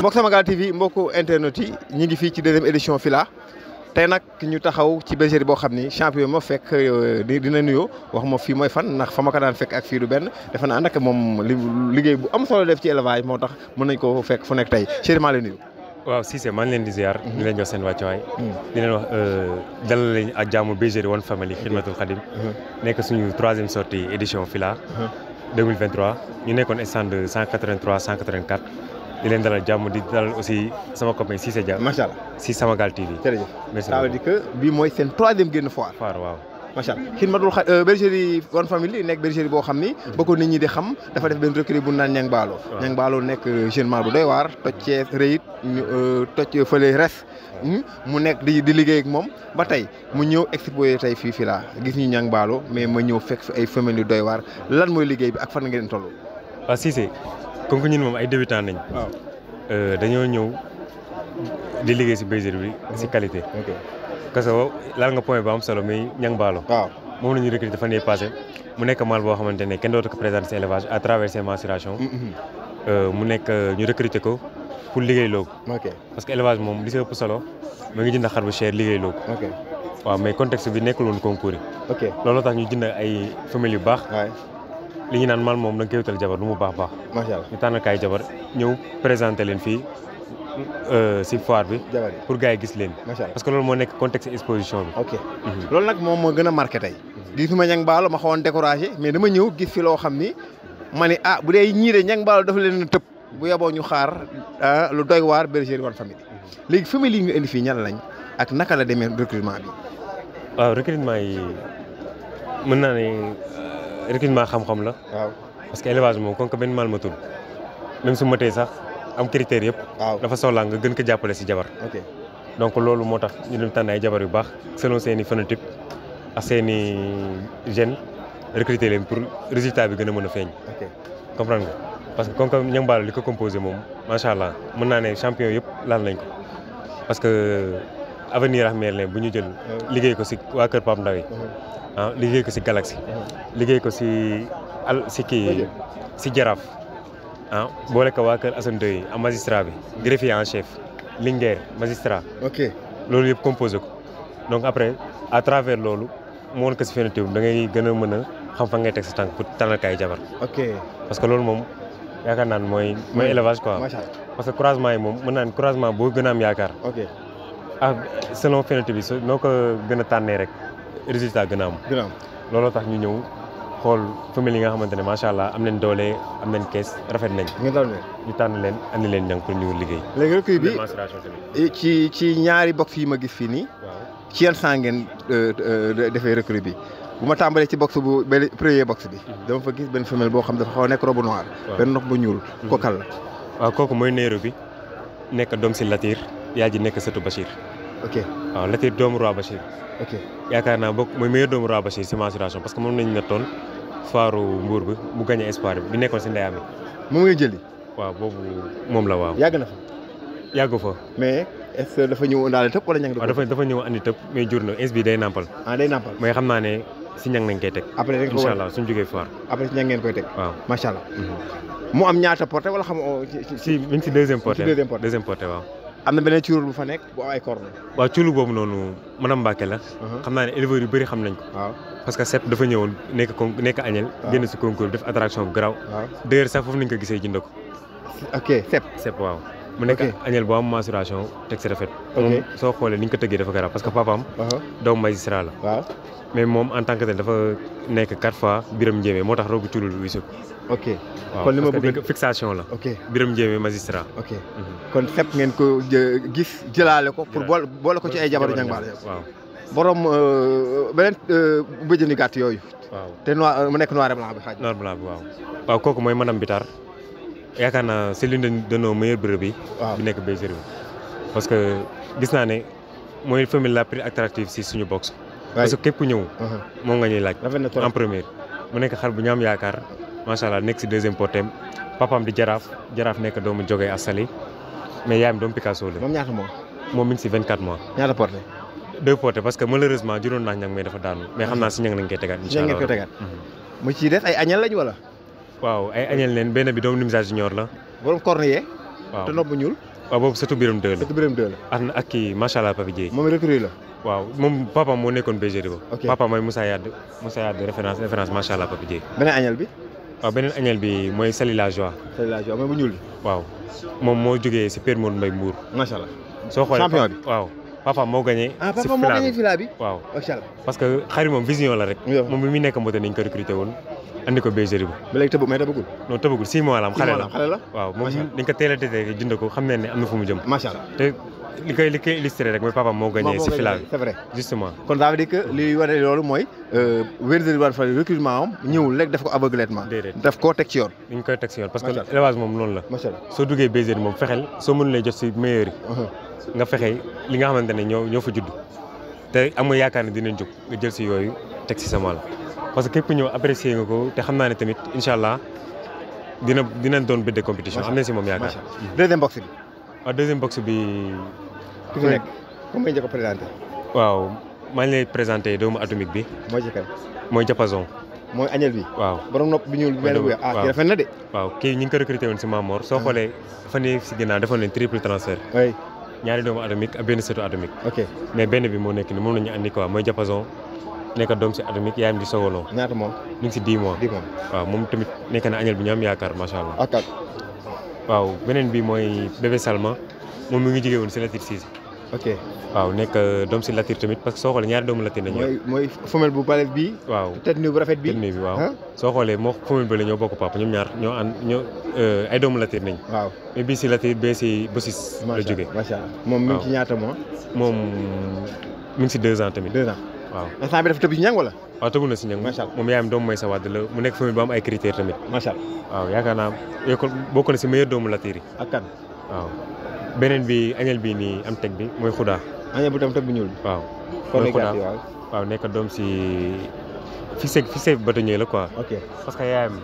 Moksama Samagal TV Moko internet nous sommes ci deuxième édition Fila tey nag ñu taxaw ci bergerie boo xam ni champion ma fekk euh, dina nuyoo wax ma fii mooy fan ndax fa ma ko daan fekk ak fii du benn defe naa nag moom liggéey bu am solo def ci élevage moo tax mën nañ ko fekk fu nekk tey Chérif maa lay nuyu. waaw Cissé maa ngi leen di ziar. Mm-hmm. di leen jox seen wàccuwaay. Mm-hmm. di leen wax euh, dalal leen ak jaamu bergerie One Family Xidmatul Xadim. Mm-hmm. nekk suñu troisième sortie édition fila 2023 ñu nekkoon stand 183 184. di leen dalal jàmm di dalal aussi sama copain Cissé Dia. macha allah si Samagal TV. jërëjëf merci beaucoup ça veut bii mooy seen troisième génn foire. foire waaw. macha allah xidmatul xa euh, bergerie boo xam ni. ba ko nit di xam dafa def benn recrue bu naan ñang baalo. waaw ñang baalo nekk euh, jeune mâle bu doy waar toj cee rëyit euh, toj fële res. Hmm? mu nekk di di liggéey ak moom ba tey mu ñëw exposé tey fii fii gis ñu ñang baalo mais ma ñëw fekk fi ay femelles yu doy waar lan mooy liggéey bi ak fan ngeen toll. waa ah, comme que ñun moom ay débutant nañ ah. euh, dañoo ñëw di liggéey si bergerie bi si qualité. Kaso laal nga point bu am solo muy Niang Ballo. waaw ah. moom la ñu recruté fan yii passé mu nekk mal boo xamante ne kenn dootu ko présenté si élevage à travers ses mensurations. Mm-hmm. Euh, mu nekk euh, ñu recruter ko pour liggéey loo ko. parce que élevage moom di si ëpp solo mu ngi jënd xar bu cher liggéey loo ko. waaw mais contexte bi nekk woon concours yi. looloo tax ñu jënd ay famille yu baax. li ñu naan mal moom la géwtal jabar lu mu baax baax. macha allah ñu tànnal kaay jabar ñëw présenté leen fii euh, si foire bi. pour gars yi gis leen. macha allah parce que loolu moo nekk contexte exposition bi. ok mhm. loolu nag moom moo gën a marqué tey. gisuma ñang baalu ma xawoon découragé mais dama ñëw gis fi loo xam ni ma ne ah bu dee ñii de ñang baalu dafa leen tëb bu yeboo ñu xaar ah, lu doy waar bergerie Wane famille léegi famille yi ñu indi fii ñan lañ ak naka la demee recrutement bi. waaw ah, recrutement yi mën naa ne. recrutement xam-xam la. waaw parce que élevage moom kon ko benn maal matul même su matee sax am critère yëpp. dafa soxlaa nga gën ko jàppale si jabar. donc loolu moo tax ñu dem tànn ay jabar yu baax selon seeni i phénotype ak seen i gène recruter leen pour résultat bi gën a mën a feeñ. comprendre nga parce que comme que Niang li ko composé moom macha allah mën naa ne champion yëpp laal nañ ko parce que. avenir ak Merlin bu ñu jël liggéey ko si waa Kër Pape Ndaw yi uh-huh. ah liggéey ko si Galaxy uh-huh. liggéey ko si si kii si Jaraaf ah boole ko waa Kër Assane yi ak magistrat bi greffier en chef Linguère magistrat loolu yëpp composé ko donc après à travers loolu mu woon ko si fenn da ngay gën a mën a xam fa ngay teg sa tànk pour tànnal kaay jabar ok parce que loolu moom yaakaar naan mooy mooy hmm. élevage quoi parce que croisement yi moom mën naan ne croisement boo gën a am yaakaar ah selon finalité bi noko gëna tanné rek résultat gëna am. gëna am lolo tax ñu ñëw xol famille yi nga xamantene ma sha allah am nañ doolé am nañ caisse rafet nañ. ñu tànn leen ñu tan leen andi leen ñang ko ñu liggéey. légui rek bi eh, ci ci ñaari box fi ma gis fi ni ci yan saa ngeen euh, euh, défé recrue bi bu ma ci box bu premier box bi. Mhm. dama fa gis ben femelle bo xam dafa xaw nek robe noir. ben nok bu ñuul mhm. kokal kal wa ah, koku moy neeru bi nek dom ci Latir yaaji nek nekk bashir ok waaw ah, Latir doomu Roi Bachir. ok yaakaar naa bokk mooy meilleur doomu Roi Bachir si mensuration parce que moom nañu nattoon faaru mbuur bi mu gagné espoir bi nekkoon si ndeyam yi. moom ngay jëli. waaw boobu moom la waaw. yàgg na fa. yàgg fa. mais est-ce que dafa ñëw daal tëb wala ñang waaw tëb mais jur na ins day nàmpal. ah day nàmpal mais xam naa ne si ñang nañ koy teg. après rek incha allah suñu jógee faar. après si ñang ngeen koy teg. waaw macha allah. Mhm. am ñaata porté wala xam oh, si mi si deuxième porté deuxième am na beneen cuur bu fa nekk bu am ay corne. waaw cuur boobu noonu maanaam Mbacke la. Uh-huh. xam naa ne éleveurs yu bëri xam nañ ko. parce que sepp dafa ñëwoon nekk con nekk añel. génn si concours bi def attraction bu garaaw. waaw d'ailleurs sax foofu nañ ko gisee jënd ko. ok sepp sepp waaw. mu nekk añel bu am mensuration teg si rafet moom soo xoolee ni ñu ko tëggee dafa garab parce que papaam doomu magistrat la waaw mais moom en tant que tel dafa nekk quatre fois biram njéemee moo tax roogu culul wi ok kon li ma bëgg fixation la ok biram njéemee magistrat ok mhm. kon xet ngeen ko gis jëlaale ko pour boole boole ko ci ay jabaru jàngbaal waaw borom euh, beneen euh, bëjëni gàtt yooyu te noir mu nekk noir blanc bi xaaj noir blanc bi waaw waaw kooku mooy bitar yaakaar naa c'est l'une de nos meilleures brebis bi nekk bergerie bi parce que gis naa ne mooy famille la plus attractive si suñu box parce que képp ku ñëw uh-huh. moom nga ñuy laaj en première mu nekk xar bu ñu am yaakaar macha allah nekk si deuxième portem papaam di jaraaf jaraaf nekk doomu jógee asali mais yaayam doomu Picasso la moom ñaata mois moom mi ngi si 24 mois ñaata portée deux portées parce que malheureusement juróon naa ñang mais dafa daanu mais xam uh-huh. naa si ñang nañ koy tegaat incha allah uh-huh. mu ci def ay añal lañ wala waaw ay añal leen benn bi doomu Nimza Junior la. borom cornier. waaw te nopp ñuul. waaw boobu sëtu biram deux la biram deux la. na ak kii macha allah Pape Dieye. moom recrue la. waaw moom moo nekkoon bergerie ba. ok papa mooy Moussa Yade Moussa bi. mooy Sali La Joie. Sali waaw moom moo jógee si Père Modou Mbaye Mbour. macha allah soo xoolee champion bi waaw. papa moo gagné. Ah, papa moo gagné fila waaw. parce que xarit moom vision la rek. moom bi muy nekk mboote nañ ko recruté andi ko bergerie bi. ba léegi tëb mais tëbagul. non tëbagul six mois la am xale la xale la waaw moom dañ ko teel a tëddee jënd ko xam ne ne am na fu mu jëm. te li wane loolu mooy bergerie Wane Faye recrutement am ñëwul rek def ko aveuglément daf koo teg ci yoon dañ koy teg ci yoon parce que élevage moom noonu la macha allah soo duggee bergerie moom fexeel soo mënu jot si meilleur uh-huh. nga fexe li nga xamante ne ñoo ñoo fa judd te amul yaakaar ne dinañ jóg nga jël si yooyu teg si sa maal parce que képp ku ñëw nga ko te xam naa ne tamit incha allah dina dina doon bidde compétition am na si moom yaakaar. deuxième box bi. Ah, bi. ku fi nekk moom mooy njëkk a présenté. waaw maa ngi présenté doomu atomique bi. mooy ci kan. mooy Japazon. mooy añel bi. waaw borom nopp bi ah, kii rafet na de. waaw ñu ngi ko recruté woon si Mamor soo ah. xoolee fan yii si a defoon leen triple transfert. ñaari doomu atomique ak benn seetu atomique. mais benn bi moo nekk ni moom la ñu andi mooy Japazon. nekk doom si atomique yaayam di sowaloo. ñaata mois ngi si 10 mois. waaw moom tamit nekk na añal bi ñu am yaakaar macha allah. waaw beneen bi mooy bébé Salma moom mi ngi jigéen woon si Latir Cissé. ok waaw nekk euh, doom si Latir tamit parce que soo xoolee ñaari doomu Latir la mooy mooy femelle bu palet bi. waaw tët bu rafet bi tët bi waaw. xoolee moo femelle bi la ñoo bokk papa ñoom ñaar ñoo ànd ñoo euh, ay doomu waaw mais si Latir bee si Bosis. la jógee macha allah moom mi ngi ñaata mois. moom mi ngi si 2 ans tamit. 2 ans. waaw oh, instant ya, ya, bi dafa tëb si ñang wala waaw tëbul na si ñang macha allah moom yaayam doomu may sa wadd la mu nekk famille bu am ay critères tamit macha allah waaw yaakaar naa école bokk na si meilleur doomu latiir tiri ak kan waaw beneen bi añel bi nii am teg bi mooy xudaa añel bu tam teg bu ñuul bi waaw mooy xudaa waaw nekk doom si fi seeg fi seeg bâtonnier la quoi ok parce que yaayam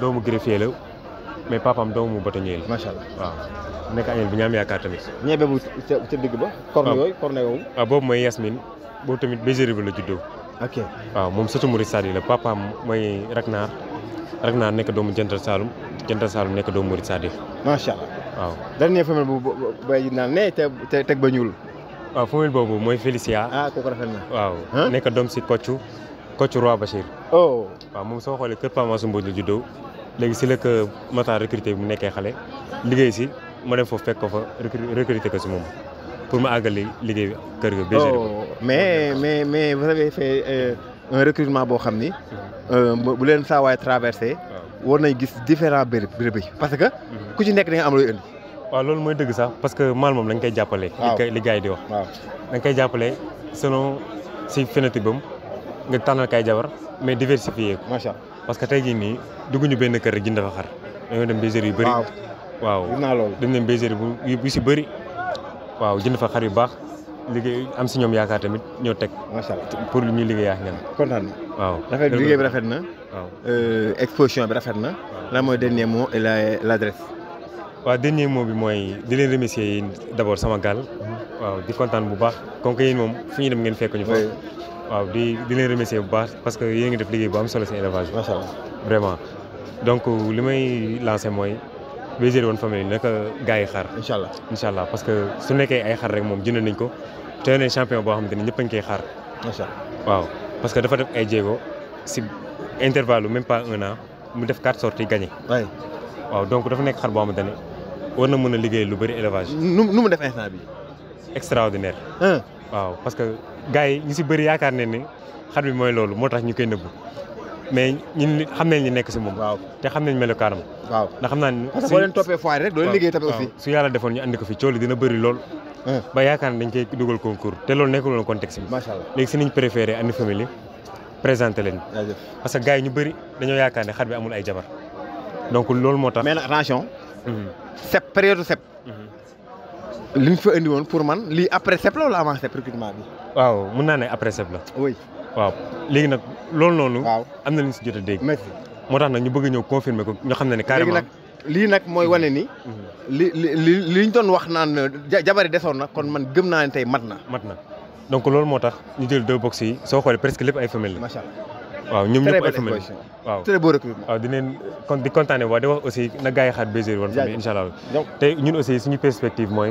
doomu greffier la mais papaam doomu bâtonnier la macha allah waaw nekk añel bi ñaam yaakaar tamit ñebe bu ca digg ba corne yooyu corne yooyu waaw boobu mooy Yasmine boobu tamit Bergerie bi la juddoo. ok waaw moom sëtu Mouride Sadi la papaam mooy Ragnar Ragnar nekk doomu Jantal Saloum Jantal Saloum nekk doomu Mouride Sadi. macha allah waaw. dernier femelle bu bay naan te teg ba ñuul. waaw boobu mooy Félicia. ah kooku rafet na waaw nekk doom si Koccu Koccu Roi Bachir. oh waaw moom soo xoolee kër Pama Sumbo la juddoo léegi si la ko Matar recruté bu nekkee xale liggéey si ma dem foofu fekk ko fa recruté ko si moom. pour ma àggali liggéey kër ga. Oh, bégé mais mais mais vous avez euh, recrutement boo xam ni. Euh, bu leen saa waay traversé. war nañ gis différents béréb béréb parce que. Mhm. ku ci nekk da am looy loolu mooy dëgg sax parce que maal moom dañ koy jàppale. li gars di wax. waaw dañ koy jàppale selon si phénotype bam nga tànnal kay jabar mais diversifié ko. macha parce que tey jii nii dugguñu benn kër rek jënd fa xar. dañoo dem bergerie bëri. waaw waaw dem nañ bu si bëri. waaw jënd fa xar yu baax liggéey am si ñoom yaakaar tamit ñoo teg. macha pour ñu liggéey ak ñoom. kontaan na waaw. rafet liggéey bi rafet na. waaw euh, exposition bi rafet na. lan mooy dernier mot et la l' adresse. waaw dernier mot bi mooy di leen remercier yéen d' abord sama gaal. Mm-hmm. waaw di kontaan bu baax comme que moom fu ñu dem ngeen fekk ñu fa. waaw di di leen remercier bu baax parce que yéen ngi def liggéey bu am solo seen élevage. macha allah vraiment donc li may lancé mooy. Bergerie One Family naka gars yi xaar. incha allah incha allah parce que su nekkee ay xar rek moom jënd nañ ko te ne champion boo xamante ni ñëpp a ngi koy waaw parce que dafa def ay jéego si intervalle même pas un an mu def quatre sorties gagné. waaw donc dafa nekk xar boo xamante ne war na mën a liggéey lu bëri élevage. nu nu mu def instant bi extraordinaire. waaw parce que gars yi ñu si bëri yaakaar ne ni xar bi mooy loolu moo tax ñu koy nëbbu. mais ñun xam nañ li nekk si moom. te xam nañ melokaanam. waaw na xam naa ne. parce que toppee foire rek doo leen tamit aussi. su yàlla defoon ñu andi ko fi coow li dina bëri lool. ba yaakaar ne dañ koy dugal concours te loolu nekkul woon contexte bi. macha allah léegi si que gars ñu bëri dañoo yaakaar ne xar bi amul ay jabar. donc loolu moo tax. mais nag attention. Mhm. sepp période sepp. Mhm. li ñu fa andi woon pour man lii après sepp la wala avant sepp recrutement bi. waaw mun naa ne après sepp la. waaw léegi nag loolu noonu. waaw am na ñu si jot a dégg. moo tax nag ñu bëgg ñëw confirmer ko ñu xam na ne ne carrément. lii nag mooy wane ni. Mhm. li li li ñu doon wax naan jabari desoon na kon man gëm naa ne tey mat na. mat na donc loolu moo tax ñu jël deux box yi soo xoolee presque lépp ay femelles la. macha allah waaw ñoom ñëpp ay waaw très beau recrutement waaw dinañ kon di kontaane waa di wax aussi na gars xaar baiser woon. jaajëf incha allah te ñun aussi suñu perspective mooy.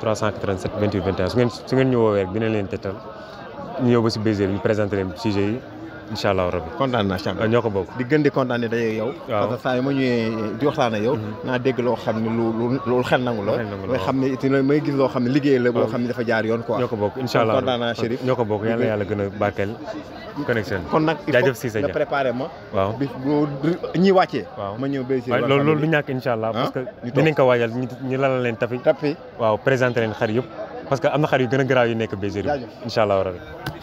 387 28 21 su ngeen su ngeen ñu woowee rek dina leen tettal ñu ñëw ba si Bergerie incha allah rabbi kontaan naa ñoo ko bokk di gën di kontaan daje yow parce que saa ma ñëwee di waxtaan ak mhm. naa dégg loo xam ne lu loolu xel nangu la may xam ne it may gis loo xam ne liggéey la boo xam ne dafa jaar yoon quoi ñoo ko bokk incha allah kontaan naa Chérif ñoo ko bokk yàlla yàlla gën a barkeel connexion kon nag jaajëf ma waaw bis bu ñi loolu loolu du ñàkk incha allah ah? parce que dinañ ko waajal ñu lalal leen tapi tapi waaw présenté leen xar yëpp parce que am na xar yu gën a garaaw yu nekk Bergerie incha allah rabbi